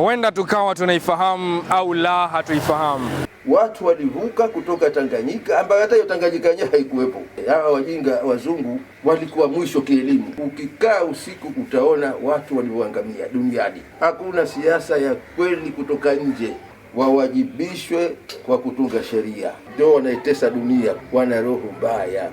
huenda tukawa tunaifahamu au la, hatuifahamu. Watu walivuka kutoka Tanganyika ambayo hata hiyo Tanganyika yenyewe haikuwepo. Hawa wajinga wazungu walikuwa mwisho kielimu. Ukikaa usiku, utaona watu walioangamia duniani. Hakuna siasa ya kweli kutoka nje, wawajibishwe kwa kutunga sheria. Ndio wanaitesa dunia, wana roho mbaya.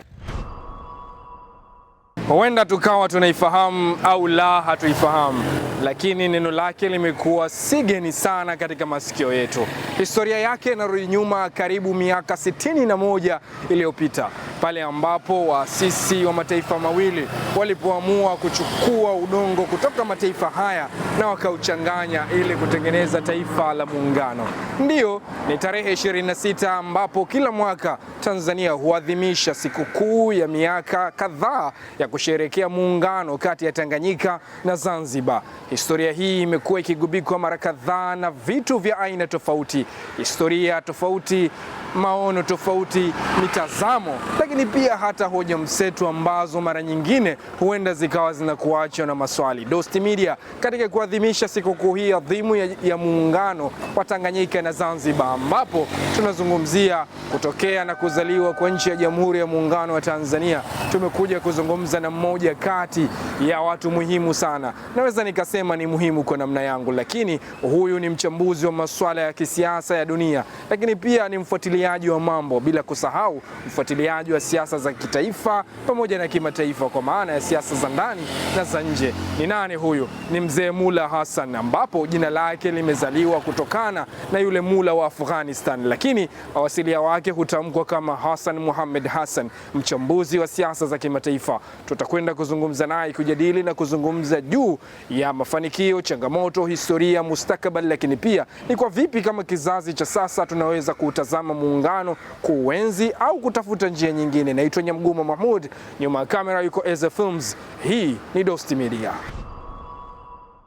Huenda tukawa tunaifahamu au la, hatuifahamu lakini neno lake limekuwa si geni sana katika masikio yetu. Historia yake inarudi nyuma karibu miaka sitini na moja iliyopita pale ambapo waasisi wa mataifa mawili walipoamua kuchukua udongo kutoka mataifa haya na wakauchanganya ili kutengeneza taifa la muungano. Ndiyo, ni tarehe 26 ambapo kila mwaka Tanzania huadhimisha sikukuu ya miaka kadhaa ya kusherekea muungano kati ya Tanganyika na Zanzibar. Historia hii imekuwa ikigubikwa mara kadhaa na vitu vya aina tofauti, historia tofauti maono tofauti, mitazamo, lakini pia hata hoja mseto ambazo mara nyingine huenda zikawa zinakuachwa na maswali. Dost Media katika kuadhimisha sikukuu hii adhimu ya, ya muungano wa Tanganyika na Zanzibar, ambapo tunazungumzia kutokea na kuzaliwa kwa nchi ya Jamhuri ya Muungano wa Tanzania, tumekuja kuzungumza na mmoja kati ya watu muhimu sana, naweza nikasema ni muhimu kwa namna yangu, lakini huyu ni mchambuzi wa masuala ya kisiasa ya dunia, lakini pia ni mfuatiliaji ufuatiliaji wa mambo, bila kusahau ufuatiliaji wa siasa za kitaifa pamoja na kimataifa, kwa maana ya siasa za ndani na za nje. Ni nani huyu? Ni mzee Mula Hassan, ambapo jina lake limezaliwa kutokana na yule mula wa Afghanistan, lakini awasilia wake hutamkwa kama Hassan Muhammad Hassan, mchambuzi wa siasa za kimataifa. Tutakwenda kuzungumza naye, kujadili na kuzungumza juu ya mafanikio, changamoto, historia, mustakabali, lakini pia ni kwa vipi kama kizazi cha sasa tunaweza kuutazama muungano kuenzi au kutafuta njia nyingine. Naitwa Nyamgumo Mahmud, nyuma ya kamera yuko Eze Films. Hii ni Dost Media.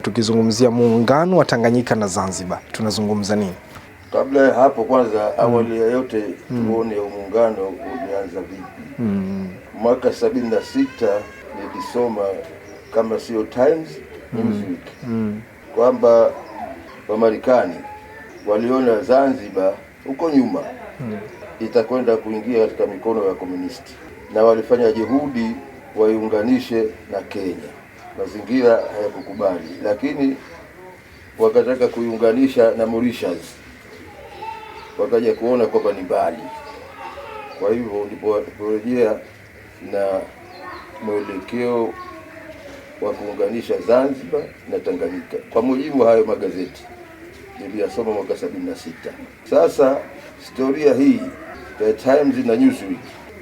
Tukizungumzia muungano wa Tanganyika na Zanzibar tunazungumza nini? Kabla ya hapo kwanza, mm. awali ya yote mm. tuone muungano ulianza vipi? mm. mwaka sabini na sita nilisoma kama sio Times Newsweek mm. mm. kwamba Wamarekani waliona Zanzibar huko nyuma hmm, itakwenda kuingia katika mikono ya komunisti, na walifanya juhudi waiunganishe na Kenya, mazingira hayakukubali, lakini wakataka kuiunganisha na Mauritius, wakaja kuona kwamba ni mbali. Kwa hivyo ndipo aliporejea na mwelekeo wa kuunganisha Zanzibar na Tanganyika, kwa mujibu wa hayo magazeti niliyasoma mwaka 76. Sasa historia hii The Times na Newsweek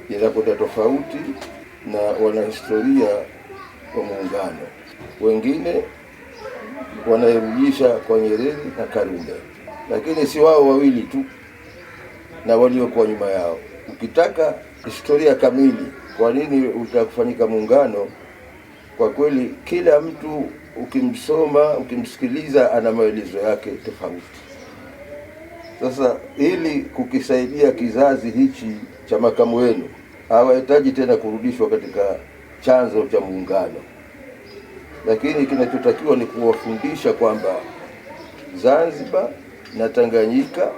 inakwenda tofauti na wanahistoria wa Muungano, wengine wanairudisha kwa Nyerere na Karume, lakini si wao wawili tu na waliokuwa nyuma yao. Ukitaka historia kamili, kwa nini utakufanyika muungano, kwa kweli kila mtu ukimsoma ukimsikiliza, ana maelezo yake tofauti. Sasa ili kukisaidia kizazi hichi cha makamu wenu, hawahitaji tena kurudishwa katika chanzo cha Muungano, lakini kinachotakiwa ni kuwafundisha kwamba Zanzibar na Tanganyika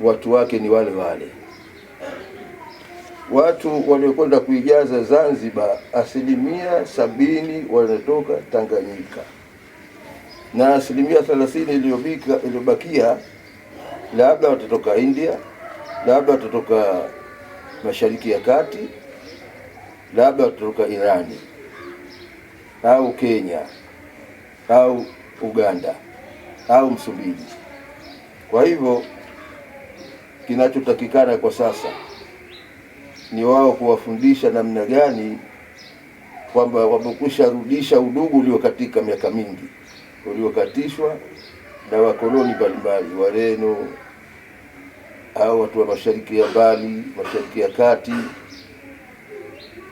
watu wake ni wale wale watu waliokwenda kuijaza Zanzibar asilimia sabini wanatoka Tanganyika na asilimia thelathini iliyobakia labda watatoka India, labda watatoka Mashariki ya Kati, labda watatoka Irani au Kenya au Uganda au Msumbiji. Kwa hivyo kinachotakikana kwa sasa ni wao kuwafundisha namna gani kwamba wamekusha rudisha udugu uliokatika miaka mingi uliokatishwa na wakoloni mbalimbali, Wareno au watu wa mashariki ya mbali, mashariki ya kati,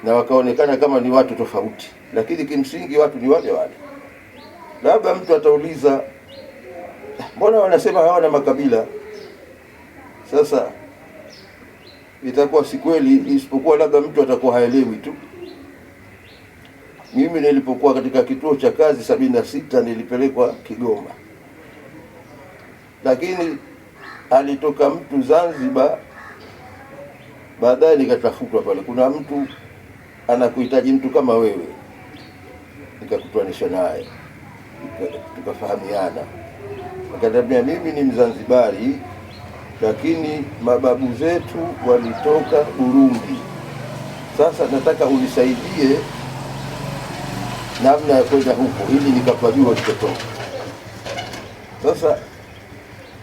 na wakaonekana kama ni watu tofauti, lakini kimsingi watu ni wale wale. Labda mtu atauliza, mbona wanasema hawana makabila? Sasa itakuwa si kweli, isipokuwa labda mtu atakuwa haelewi tu. Mimi nilipokuwa katika kituo cha kazi sabini na sita nilipelekwa Kigoma, lakini alitoka mtu Zanzibar, baadaye nikatafutwa pale, kuna mtu anakuhitaji mtu kama wewe, nikakutanisha naye tukafahamiana, akaniambia mimi ni Mzanzibari lakini mababu zetu walitoka Burundi. Sasa nataka unisaidie namna ya kwenda huko ili nikapajua walikotoka. Sasa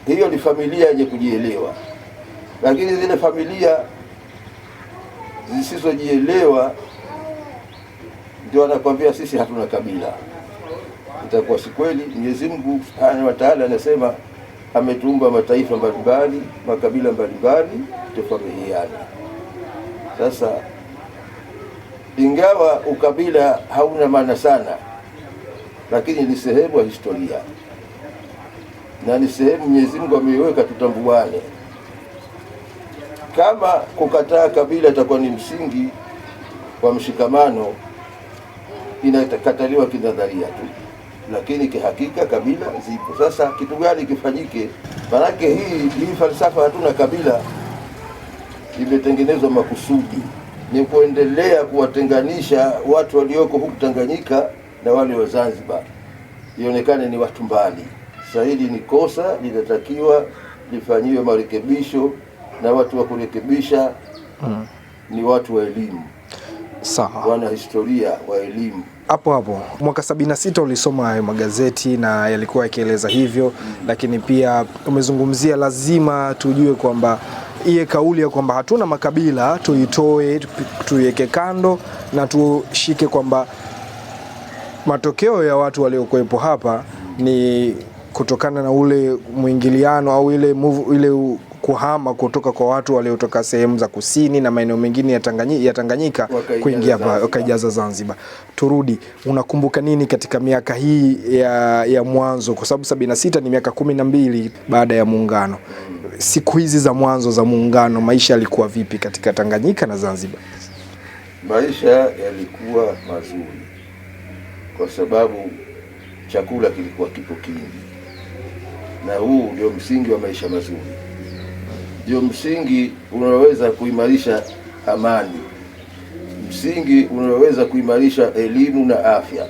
hiyo ni familia yenye kujielewa, lakini zile familia zisizojielewa ndio anakwambia sisi hatuna kabila. Itakuwa si kweli. Mwenyezi Mungu Subhanahu wa Ta'ala anasema ametuumba mataifa mbalimbali, makabila mbalimbali, tusamehiane. Sasa ingawa ukabila hauna maana sana, lakini ni sehemu ya historia na ni sehemu Mwenyezi Mungu ameiweka tutambuane. Kama kukataa kabila itakuwa ni msingi wa mshikamano, inakataliwa kinadharia tu lakini kihakika kabila zipo. Sasa kitu gani kifanyike? Maanake hii hii falsafa hatuna kabila imetengenezwa makusudi, ni kuendelea kuwatenganisha watu walioko huku Tanganyika na wale wa Zanzibar, ionekane ni watu mbali. Sasa hili ni kosa, linatakiwa lifanyiwe marekebisho na watu wa kurekebisha mm. ni watu wa elimu sawa, wana historia wa elimu hapo hapo mwaka 76 ulisoma hayo magazeti na yalikuwa yakieleza hivyo mm -hmm. Lakini pia umezungumzia, lazima tujue kwamba iye kauli ya kwamba hatuna makabila tuitoe, tuiweke kando na tushike kwamba matokeo ya watu waliokuwepo hapa ni kutokana na ule mwingiliano au ile move, ile kuhama kutoka kwa watu waliotoka sehemu za kusini na maeneo mengine ya Tanganyika, ya Tanganyika kuingia wakaijaza Zanzibar. Turudi, unakumbuka nini katika miaka hii ya, ya mwanzo, kwa sababu sita ni miaka kumi na mbili baada ya muungano. Siku hizi za mwanzo za muungano, maisha yalikuwa vipi katika Tanganyika na Zanzibar? Maisha yalikuwa mazuri kwa sababu chakula kilikuwa kipo kingi, na huu ndio msingi wa maisha mazuri ndio msingi unaoweza kuimarisha amani, msingi unaoweza kuimarisha elimu na afya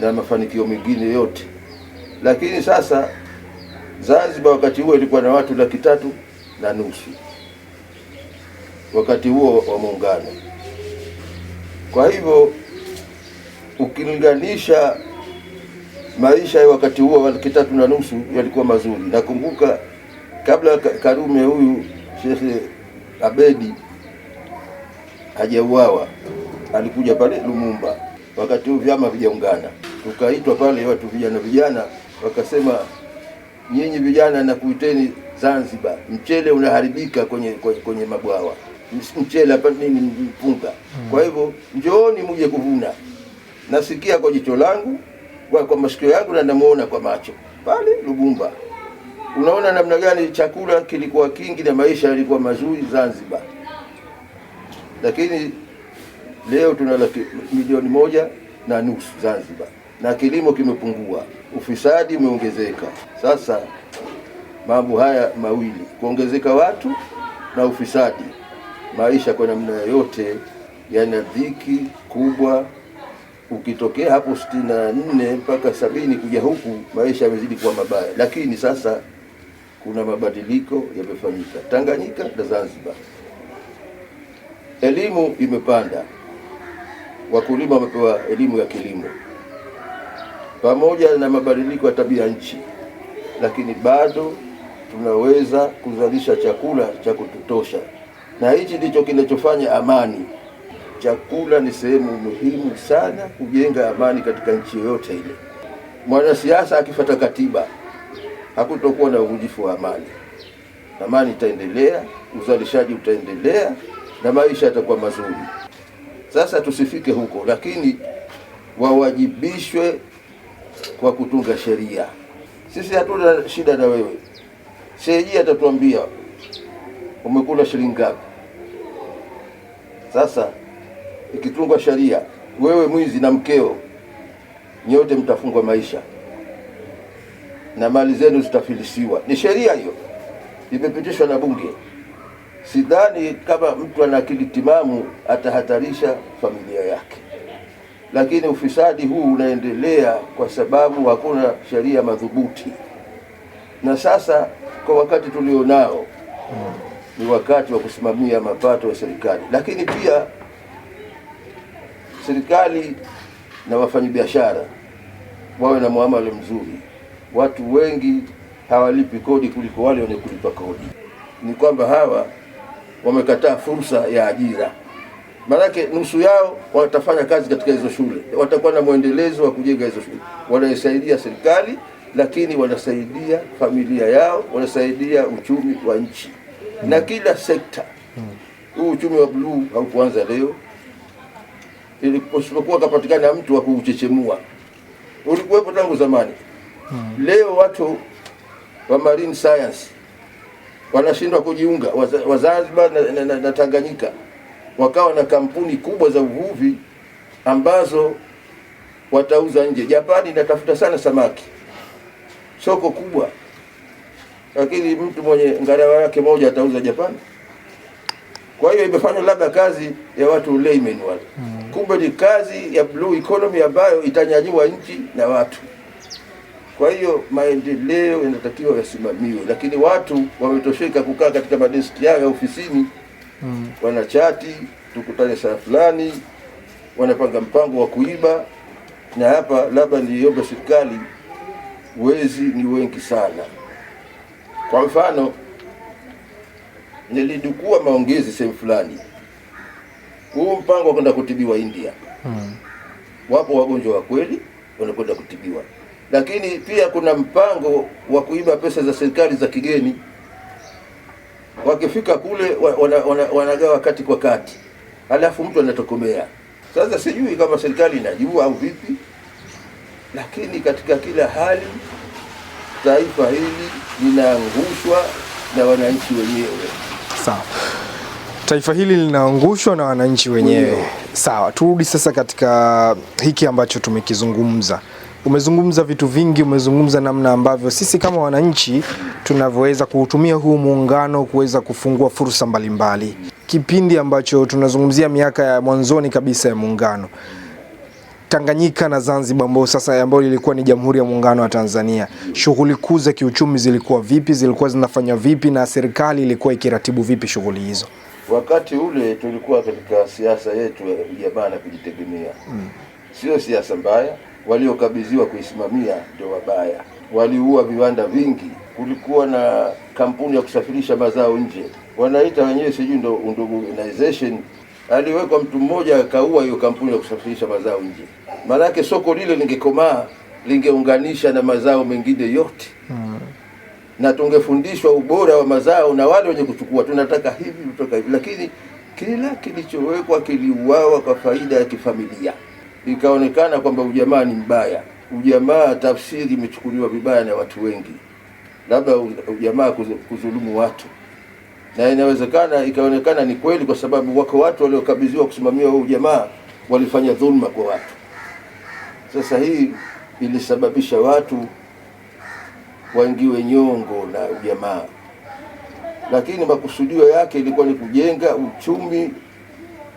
na mafanikio mengine yote. Lakini sasa Zanzibar wakati huo ilikuwa na watu laki tatu na nusu wakati huo wa Muungano. Kwa hivyo ukilinganisha maisha ya wakati huo wa laki tatu na nusu yalikuwa mazuri. Nakumbuka kabla Karume huyu Shekhe Abedi hajauawa alikuja pale Lumumba, wakati huu vyama vijaungana, tukaitwa pale watu vijana vijana, wakasema nyinyi vijana nakuiteni Zanzibar, mchele unaharibika kwenye kwenye mabwawa, mchele hapa nini mpunga. Mm. Kwa hivyo njooni muje kuvuna. Nasikia kwa jicho langu, kwa masikio yangu, na namuona kwa macho pale Lubumba. Unaona namna gani chakula kilikuwa kingi na maisha yalikuwa mazuri Zanzibar, lakini leo tuna laki milioni moja na nusu Zanzibar na kilimo kimepungua, ufisadi umeongezeka. Sasa mambo haya mawili, kuongezeka watu na ufisadi, maisha kwa namna yoyote yana dhiki kubwa. Ukitokea hapo sitini na nne mpaka sabini kuja huku maisha yamezidi kuwa mabaya, lakini sasa kuna mabadiliko yamefanyika Tanganyika na Zanzibar. Elimu imepanda, wakulima wamepewa elimu ya kilimo, pamoja na mabadiliko ya tabia nchi, lakini bado tunaweza kuzalisha chakula cha kututosha, na hichi ndicho kinachofanya amani. Chakula ni sehemu muhimu sana kujenga amani katika nchi yoyote ile. Mwanasiasa akifuata katiba hakutokuwa na uvujifu wa amani. Amani itaendelea, uzalishaji utaendelea na maisha yatakuwa mazuri. Sasa tusifike huko, lakini wawajibishwe kwa kutunga sheria. Sisi hatuna shida na wewe, seji atatuambia umekula shilingi ngapi. Sasa ikitungwa sheria, wewe mwizi na mkeo nyote mtafungwa maisha na mali zenu zitafilisiwa. Ni sheria hiyo, imepitishwa na Bunge. Sidhani kama mtu ana akili timamu atahatarisha familia yake, lakini ufisadi huu unaendelea kwa sababu hakuna sheria madhubuti. Na sasa kwa wakati tulionao ni wakati wa kusimamia mapato ya serikali, lakini pia serikali na wafanyabiashara wawe na muamala mzuri watu wengi hawalipi kodi kuliko wale wenye kulipa kodi. Ni kwamba hawa wamekataa fursa ya ajira, maanake nusu yao watafanya kazi katika hizo shule, watakuwa na mwendelezo wa kujenga hizo shule. Wanaisaidia serikali, lakini wanasaidia familia yao, wanasaidia uchumi wa nchi na kila sekta. Huu uchumi wa bluu haukuanza leo, isipokuwa kapatikana mtu wa kuuchechemua, ulikuwepo tangu zamani hmm. Leo watu wa marine science wanashindwa kujiunga Wazanzibar na, na, na, na Tanganyika wakawa na kampuni kubwa za uvuvi ambazo watauza nje. Japani inatafuta sana samaki, soko kubwa, lakini mtu mwenye ngarawa yake moja atauza Japani. Kwa hiyo imefanywa labda kazi ya watu layman wale, hmm. kumbe ni kazi ya blue economy ambayo itanyanyua nchi na watu. Kwa hiyo maendeleo yanatakiwa yasimamiwe, lakini watu wametosheka kukaa katika madeski yao ya ofisini mm. Wanachati tukutane saa fulani, wanapanga mpango wa kuiba. Na hapa labda niombe serikali, wezi ni wengi sana. Kwa mfano, nilidukua maongezi sehemu fulani, huu mpango wa kwenda kutibiwa India mm. Wapo wagonjwa wa kweli wanakwenda kutibiwa lakini pia kuna mpango wa kuiba pesa za serikali za kigeni. Wakifika kule wanagawa wana, wana kati kwa kati, halafu mtu anatokomea. Sasa sijui kama serikali inajua au vipi, lakini katika kila hali taifa hili linaangushwa na wananchi wenyewe. Sawa, taifa hili linaangushwa na wananchi wenyewe. Sawa, turudi sasa katika hiki ambacho tumekizungumza umezungumza vitu vingi, umezungumza namna ambavyo sisi kama wananchi tunavyoweza kuutumia huu muungano kuweza kufungua fursa mbalimbali. mbali. Kipindi ambacho tunazungumzia miaka ya mwanzoni kabisa ya muungano Tanganyika na Zanzibar ambao sasa ambayo ilikuwa ni Jamhuri ya Muungano wa Tanzania, shughuli kuu za kiuchumi zilikuwa vipi? Zilikuwa zinafanywa vipi na serikali ilikuwa ikiratibu vipi shughuli hizo? Wakati ule tulikuwa katika siasa yetu ya bana kujitegemea mm. Sio siasa mbaya waliokabidhiwa kuisimamia ndio wabaya. Waliua viwanda vingi. Kulikuwa na kampuni ya kusafirisha mazao nje, wanaita wenyewe sijui ndo Undugu Organization. Aliwekwa mtu mmoja akaua hiyo kampuni ya kusafirisha mazao nje, maanake soko lile lingekomaa lingeunganisha na mazao mengine yote hmm. na tungefundishwa ubora wa mazao na wale wenye kuchukua, tunataka hivi kutoka hivi, lakini kila kilichowekwa kiliuawa kwa faida ya kifamilia ikaonekana kwamba ujamaa ni mbaya. Ujamaa tafsiri imechukuliwa vibaya na watu wengi, labda ujamaa kudhulumu watu, na inawezekana ikaonekana ni kweli, kwa sababu wako watu waliokabidhiwa kusimamia huo ujamaa walifanya dhulma kwa watu. Sasa hii ilisababisha watu waingiwe nyongo na ujamaa, lakini makusudio yake ilikuwa ni kujenga uchumi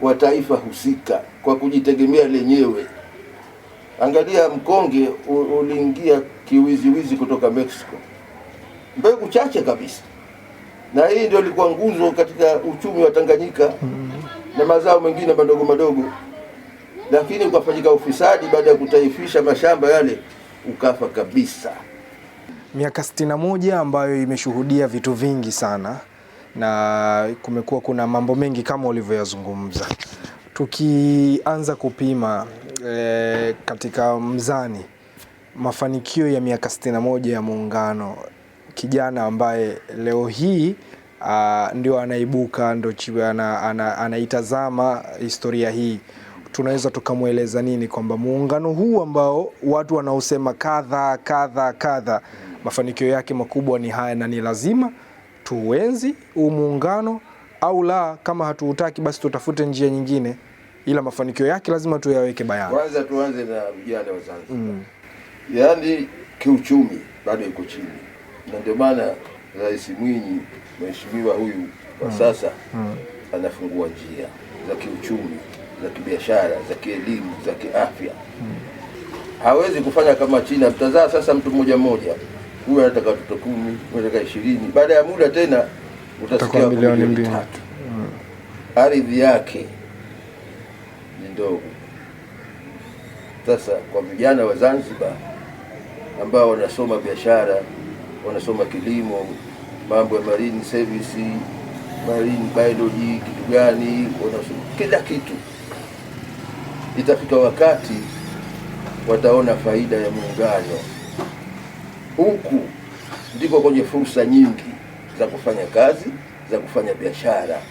wa taifa husika kwa kujitegemea lenyewe. Angalia mkonge uliingia kiwiziwizi kutoka Mexico, mbegu chache kabisa, na hii ndio ilikuwa nguzo katika uchumi wa Tanganyika na mazao mengine madogo madogo, lakini ukafanyika ufisadi baada ya kutaifisha mashamba yale, ukafa kabisa. Miaka 61 ambayo imeshuhudia vitu vingi sana na kumekuwa kuna mambo mengi kama ulivyoyazungumza. Tukianza kupima e, katika mzani mafanikio ya miaka 61 ya Muungano, kijana ambaye leo hii ah, ndio anaibuka ndo ana, ana, anaitazama historia hii, tunaweza tukamweleza nini kwamba muungano huu ambao watu wanaosema kadha kadha kadha, mafanikio yake makubwa ni haya na ni lazima tuuenzi huu muungano au la, kama hatuutaki basi tutafute njia nyingine, ila mafanikio yake lazima tuyaweke bayana. Kwanza tuanze na vijana wa Zanzibar mm. Yaani kiuchumi bado iko chini, na ndio maana Rais Mwinyi mheshimiwa huyu kwa mm. sasa mm. anafungua njia za kiuchumi, za kibiashara, za kielimu, za kiafya mm. hawezi kufanya kama China mtazaa sasa mtu mmoja mmoja huyu anataka watoto kumi, anataka ishirini. Baada ya muda tena utasikia milioni mbili tatu. Mm. Ardhi yake ni ndogo. Sasa kwa vijana wa Zanzibar ambao wanasoma biashara, wanasoma kilimo, mambo ya marine service, marine biology, kitu gani, wanasoma kila kitu, itafika wakati wataona faida ya muungano. Huku ndiko kwenye fursa nyingi za kufanya kazi, za kufanya biashara.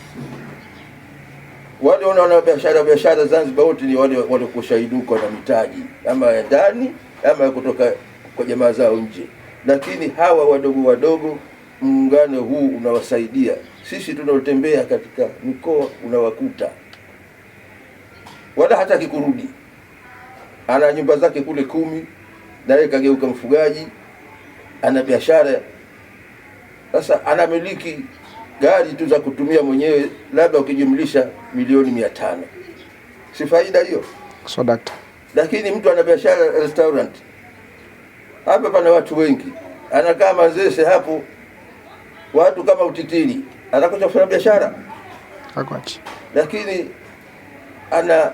Wale wanaona biashara biashara Zanzibar wote ni wale waliokushaiduka na mitaji ama ya ndani ama ya kutoka kwa jamaa zao nje, lakini hawa wadogo wadogo muungano huu unawasaidia. Sisi tunaotembea katika mikoa unawakuta, wala hataki kurudi, ana nyumba zake kule kumi, naye kageuka mfugaji ana biashara sasa, anamiliki gari tu za kutumia mwenyewe, labda ukijumlisha milioni mia tano, si faida hiyo? So, lakini mtu ana biashara restaurant, hapa pana watu wengi, anakaa Manzese hapo watu kama utitiri, anakosa kufanya biashara Akwachi. Lakini ana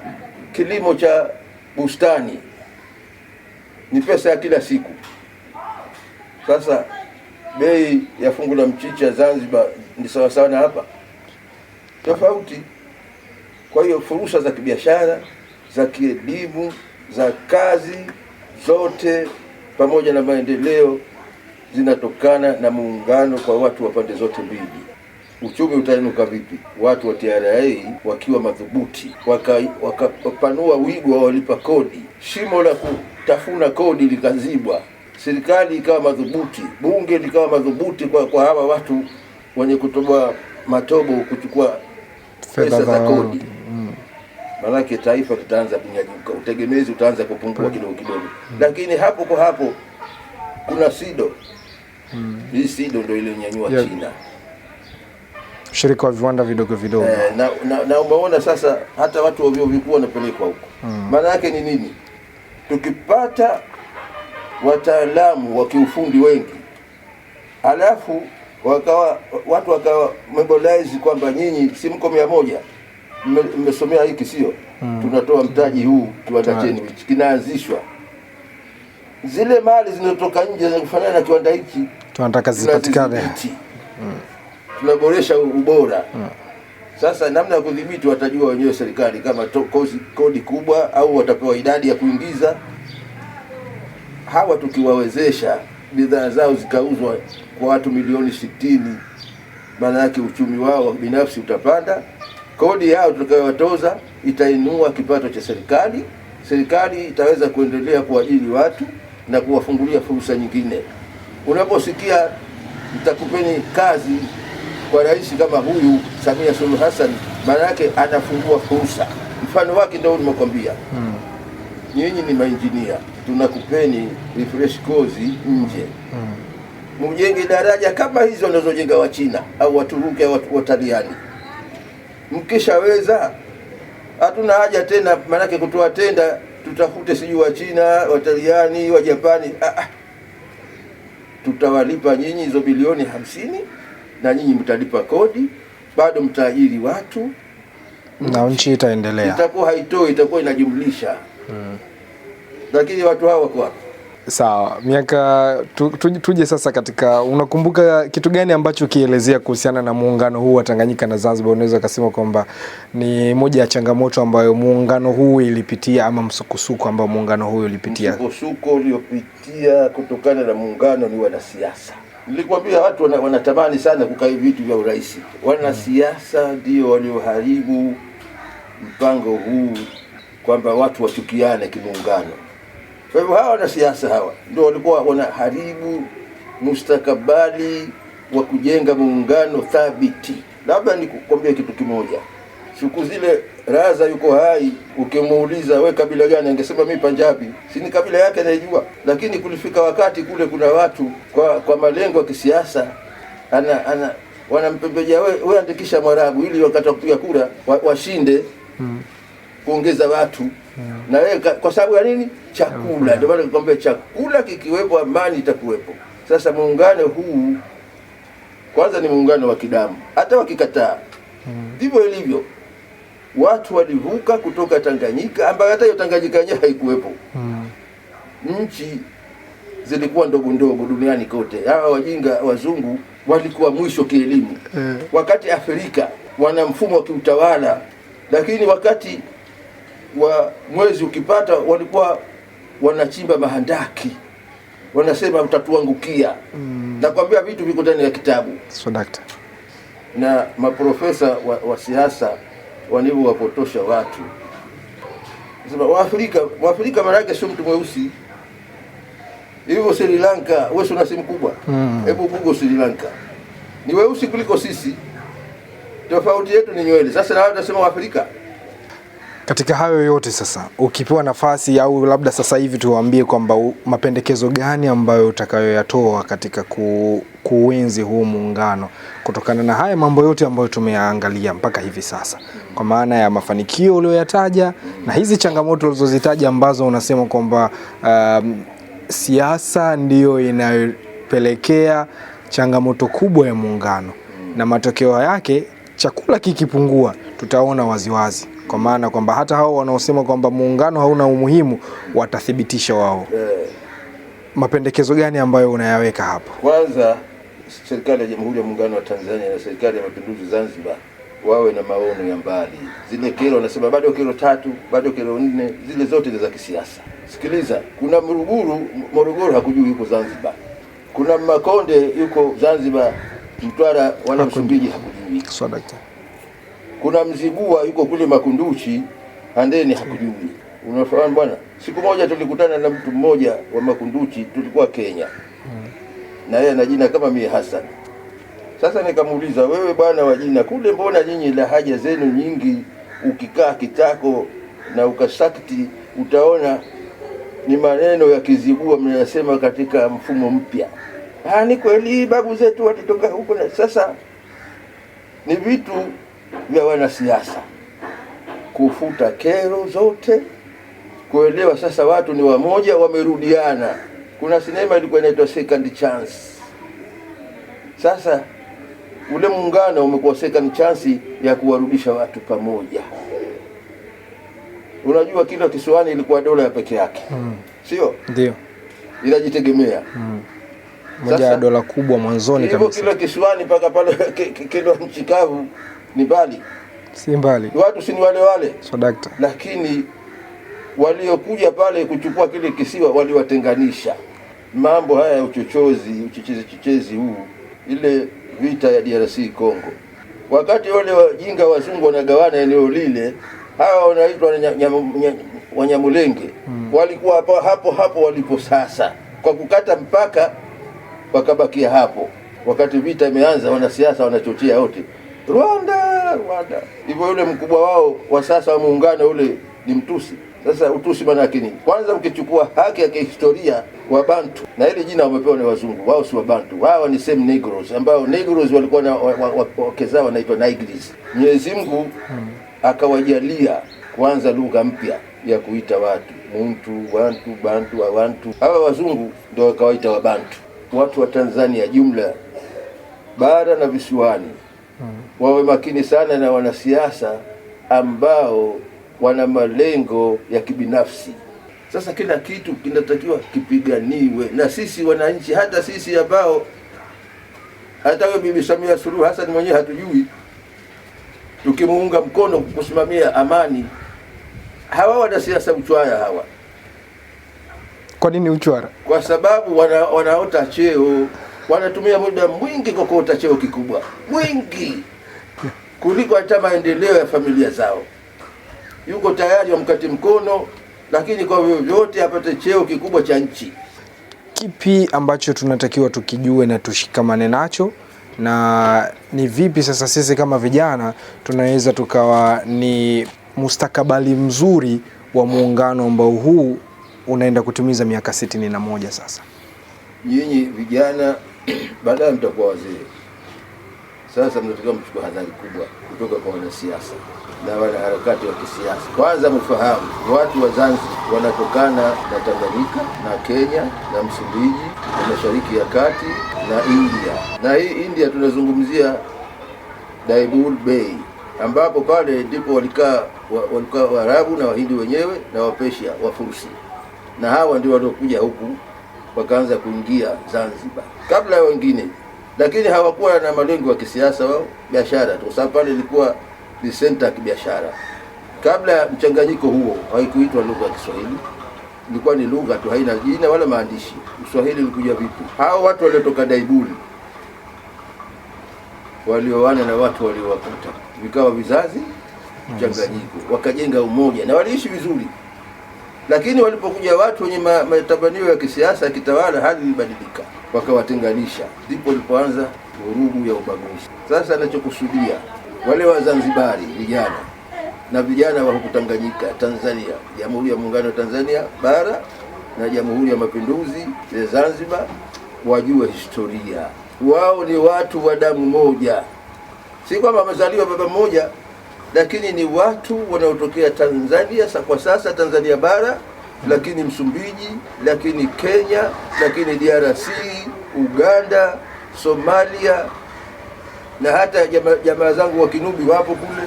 kilimo cha bustani, ni pesa ya kila siku. Sasa bei ya fungu la mchicha Zanzibar ni sawasawa na hapa, tofauti. Kwa hiyo fursa za kibiashara, za kielimu, za kazi zote pamoja na maendeleo zinatokana na muungano kwa watu wa pande zote mbili. Uchumi utainuka vipi? Watu wa TRA wakiwa madhubuti, wakapanua waka, wigo wa walipa kodi, shimo la kutafuna kodi likazibwa serikali ikawa madhubuti, bunge likawa madhubuti kwa, kwa hawa watu wenye kutoboa matobo kuchukua pesa za kodi mm. Maanake taifa litaanza kunyanyuka, utegemezi utaanza kupungua kidogo kidogo mm. Lakini hapo kwa hapo kuna SIDO mm. Hii SIDO ndio iliyonyanyua yeah. China shirika wa viwanda vidogo vidogo eh, na, na, na umeona sasa hata watu wa vyuo vikuu wanapelekwa huko mm. Maana yake ni nini? Tukipata wataalamu wa kiufundi wengi, alafu wakawa watu wakawa mobilize kwamba nyinyi si mko mia moja mmesomea hiki sio? Hmm. tunatoa mtaji huu kiwanda chenu hichi, kinaanzishwa. Zile mali zinazotoka nje za kufanana na kiwanda hichi tunataka zipatikane, hmm. tunaboresha ubora hmm. Sasa namna ya kudhibiti watajua wenyewe serikali, kama to, kodi kubwa au watapewa idadi ya kuingiza hawa tukiwawezesha bidhaa zao zikauzwa kwa watu milioni sitini, maana yake uchumi wao binafsi utapanda, kodi yao tutakayowatoza itainua kipato cha serikali, serikali itaweza kuendelea kuajiri watu na kuwafungulia fursa nyingine. Unaposikia mtakupeni kazi kwa rais kama huyu Samia Suluhu Hassan, maana yake anafungua fursa. Mfano wake ndio nimekwambia. hmm nyinyi ni mainjinia, tunakupeni refresh course nje, hmm. mjenge daraja kama hizo wanazojenga Wachina au Waturuki au Wataliani. Mkishaweza hatuna haja tena, maanake kutoa tenda tutafute sijui Wachina, Wataliani, Wajapani. Ah, ah, tutawalipa nyinyi hizo bilioni hamsini na nyinyi mtalipa kodi, bado mtaajiri watu na nchi itaendelea, itakuwa haitoi, itakuwa inajumlisha. Hmm. Lakini watu hao wako wapi? Sawa, miaka tu, tu, tuje sasa katika, unakumbuka kitu gani ambacho ukielezea kuhusiana na muungano huu wa Tanganyika na Zanzibar, unaweza ukasema kwamba ni moja ya changamoto ambayo muungano huu ilipitia ama msukusuku ambao muungano huu ulipitia? Msukosuko uliopitia kutokana na muungano ni wanasiasa. Nilikwambia watu wanatamani sana kukaa vitu vya urais. Hmm. Wanasiasa ndio walioharibu mpango huu kwamba watu wachukiane kimuungano. Kwa hivyo hawa wanasiasa hawa ndio walikuwa wanaharibu mustakabali wa kujenga muungano thabiti. Labda nikukwambia kitu kimoja, siku zile Raza yuko hai, ukimuuliza we kabila gani, angesema mi Panjabi, si ni kabila yake anayejua. Lakini kulifika wakati kule, kuna watu kwa kwa malengo ya kisiasa ana, ana wanampembejea we, we andikisha Mwarabu ili wakati wa kupiga kura washinde wa hmm kuongeza watu na wewe kwa sababu ya nini? Chakula. Ndio maana nikwambia chakula kikiwepo, amani itakuwepo. Sasa muungano huu kwanza ni muungano wa kidamu, hata wakikataa hmm. ndivyo hmm. ilivyo. Watu walivuka kutoka Tanganyika ambayo hata hiyo Tanganyika yenyewe haikuwepo hmm. nchi zilikuwa ndogo ndogo duniani kote. Hawa wajinga wazungu walikuwa mwisho kielimu hmm. wakati Afrika wana mfumo wa kiutawala, lakini wakati wa mwezi ukipata, walikuwa wanachimba mahandaki, wanasema mtatuangukia. Mm. Nakwambia vitu viko ndani ya kitabu. So, na maprofesa wa, wa siasa wapotosha watu sema Waafrika, Waafrika mara yake sio mtu mweusi hivyo. Sri Lanka, wewe una simu kubwa, mm. hebu mm. Google Sri Lanka, ni weusi kuliko sisi, tofauti yetu ni nywele. Sasa na watu nasema Waafrika katika hayo yote sasa, ukipewa nafasi au labda sasa hivi tuwaambie kwamba mapendekezo gani ambayo utakayoyatoa katika ku, kuenzi huu muungano kutokana na haya mambo yote ambayo tumeyaangalia mpaka hivi sasa, kwa maana ya mafanikio uliyoyataja na hizi changamoto ulizozitaja ambazo unasema kwamba um, siasa ndiyo inayopelekea changamoto kubwa ya muungano na matokeo yake chakula kikipungua tutaona waziwazi kwa maana kwamba hata hao wanaosema kwamba muungano hauna umuhimu watathibitisha wao. Yeah. mapendekezo gani ambayo unayaweka hapo? Kwanza, serikali ya Jamhuri ya Muungano wa Tanzania na serikali ya Mapinduzi Zanzibar wawe na maono ya mbali. Zile kero wanasema bado kero tatu, bado kero nne, zile zote ni za kisiasa. Sikiliza, kuna Mruguru Morogoro hakujui yuko Zanzibar, kuna Makonde yuko Zanzibar, Mtwara wala Msumbiji hakujui kuna mzigua yuko kule Makunduchi, andeni hakujui. Unafahamu bwana, siku moja tulikutana na mtu mmoja wa Makunduchi, tulikuwa Kenya hmm. na yeye ana jina kama mie Hassan. Sasa nikamuuliza wewe bwana wa jina kule, mbona nyinyi lahaja zenu nyingi, ukikaa kitako na ukasakti utaona ni maneno ya Kizigua mnayasema katika mfumo mpya. Ah, ni kweli babu zetu walitoka huko, na sasa ni vitu vya wanasiasa kufuta kero zote, kuelewa sasa watu ni wamoja, wamerudiana. Kuna sinema ilikuwa inaitwa second chance. Sasa ule muungano umekuwa second chance ya kuwarudisha watu pamoja. Unajua kila kisiwani ilikuwa dola ya peke yake mm. Sio ndio inajitegemea mm. moja ya dola kubwa mwanzoni kabisa, kila kisiwani mpaka pale kila nchi kavu ni mbali, si mbali, watu si ni wale wale daktari, lakini waliokuja pale kuchukua kile kisiwa waliwatenganisha. Mambo haya ya uchochozi uchochezi chochezi huu, ile vita ya DRC Congo, wakati wale wajinga wazungu wanagawana eneo lile, hawa wanaitwa Wanyamulenge hmm. walikuwa hapo hapo hapo walipo sasa, kwa kukata mpaka wakabakia hapo. Wakati vita imeanza, wanasiasa wanachochea wote. Rwanda, Rwanda. Hivyo yule mkubwa wao wa sasa wa muungano ule ni Mtusi. Sasa Utusi maana yake nini? Kwanza ukichukua haki ya kihistoria wa bantu na hili jina wamepewa ni wazungu, wao si wa bantu wao ni same Negroes, ambao Negroes walikuwa na wake wanaitwa Nigris. Mwenyezi Mungu hmm. akawajalia kuanza lugha mpya ya kuita watu muntu, wantu, bantu, wawantu. Hawa wazungu ndio wakawaita Wabantu. Watu wa Tanzania jumla bara na visiwani wawe makini sana na wanasiasa ambao wana malengo ya kibinafsi. Sasa kila kitu kinatakiwa kipiganiwe, na sisi wananchi, hata sisi ambao hata wewe Bibi Samia Suluhu Hassan mwenyewe hatujui, tukimuunga mkono kusimamia amani. Hawa wanasiasa uchwara hawa. Kwa nini uchwara? Kwa sababu wana, wanaota cheo, wanatumia muda mwingi kukoota cheo kikubwa mwingi kuliko hata maendeleo ya familia zao. Yuko tayari wamkate mkono, lakini kwa vyovyote apate cheo kikubwa cha nchi. Kipi ambacho tunatakiwa tukijue na tushikamane nacho na ni vipi sasa sisi kama vijana tunaweza tukawa ni mustakabali mzuri wa muungano ambao huu unaenda kutimiza miaka sitini na moja sasa. Nyinyi vijana baadaye mtakuwa wazee. Sasa mnatakiwa mchukua hadhari kubwa kutoka kwa wanasiasa na wanaharakati wa kisiasa. Kwanza mfahamu watu wa Zanzibar wanatokana na Tanganyika na Kenya na Msumbiji na Mashariki ya Kati na India, na hii India tunazungumzia Daibul Bay ambapo pale ndipo walikaa walikuwa Waarabu na Wahindi wenyewe na Wapesha Wafursi, na hawa ndio waliokuja huku wakaanza kuingia Zanzibar kabla ya wengine lakini hawakuwa na malengo ya kisiasa wao, biashara tu, sababu pale ilikuwa ni senta ya kibiashara. Kabla ya mchanganyiko huo haikuitwa lugha ya Kiswahili, ilikuwa ni lugha tu, haina jina wala maandishi. Kiswahili ilikuja vipi? Hao watu waliotoka Daibuli walioana na watu waliowakuta, vikawa vizazi mchanganyiko, wakajenga umoja na waliishi vizuri. Lakini walipokuja watu wenye matamanio ya kisiasa kitawala, hali ilibadilika, wakawatenganisha. Ndipo walipoanza vurugu ya ubaguzi. Sasa anachokusudia wale Wazanzibari vijana na vijana wa huku Tanzania, Jamhuri ya Muungano wa Tanzania bara na Jamhuri ya Mapinduzi ya Zanzibar, wajue historia, wao ni watu wa damu moja, si kwamba wamezaliwa baba mmoja lakini ni watu wanaotokea Tanzania kwa sasa, Tanzania bara, lakini Msumbiji, lakini Kenya, lakini DRC, Uganda, Somalia na hata jamaa jama zangu wa Kinubi wapo kule,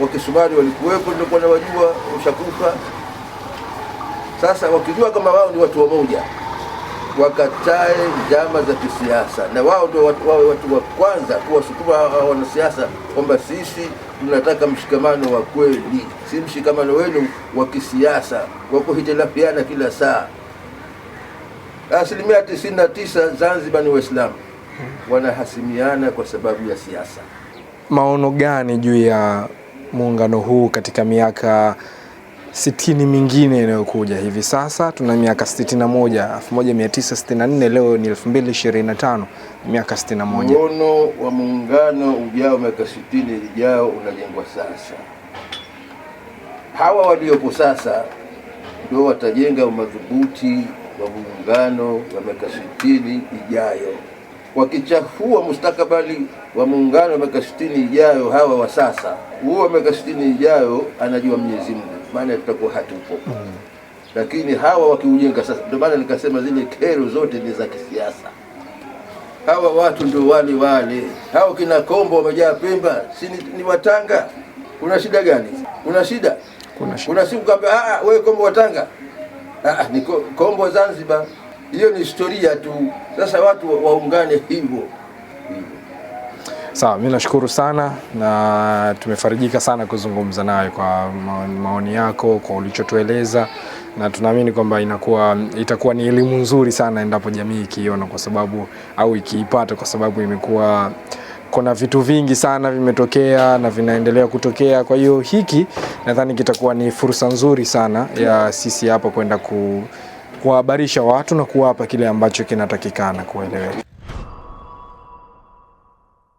wa Kisumali walikuwepo, nilikuwa nawajua Ushakuka. Sasa wakijua kama wao ni watu wamoja wakatae njama za kisiasa, na wao ndio wawe watu wa kwanza kuwasukuma wanasiasa kwamba sisi tunataka mshikamano wa kweli, si mshikamano wenu wa kisiasa wa kuhitilafiana kila saa. Asilimia tisini na tisa Zanzibar ni Waislamu, wanahasimiana kwa sababu ya siasa. Maono gani juu ya muungano huu katika miaka sitini mingine inayokuja. Hivi sasa tuna miaka 61, 1964 leo ni 2025, miaka 61. Muono wa muungano ujao, miaka 60 ijao, unajengwa sasa. Hawa waliopo sasa ndio watajenga madhubuti wa muungano wa miaka 60 ijayo. Wakichafua mustakabali wa muungano wa miaka 60 ijayo, hawa wa sasa, huo wa miaka 60 ijayo anajua Mwenyezi Mungu maana tutakuwa hatupo mm. Lakini hawa wakiujenga sasa, ndio maana nikasema zile kero zote ni za kisiasa. Hawa watu ndio wale wale, hao kina Kombo wamejaa Pemba, si ni Watanga? Kuna shida gani? Kuna shida, kuna siku kaambia ah, ah, wewe Kombo Watanga, ah, ah ni Kombo Zanzibar. Hiyo ni historia tu. Sasa watu waungane hivyo. Sawa, mimi nashukuru sana na tumefarijika sana kuzungumza naye kwa maoni yako, kwa ulichotueleza, na tunaamini kwamba inakuwa itakuwa ni elimu nzuri sana endapo jamii ikiiona, kwa sababu au ikiipata, kwa sababu imekuwa kuna vitu vingi sana vimetokea na vinaendelea kutokea. Kwa hiyo hiki nadhani kitakuwa ni fursa nzuri sana ya sisi hapa kwenda ku kuwahabarisha watu na kuwapa kile ambacho kinatakikana kueleweka.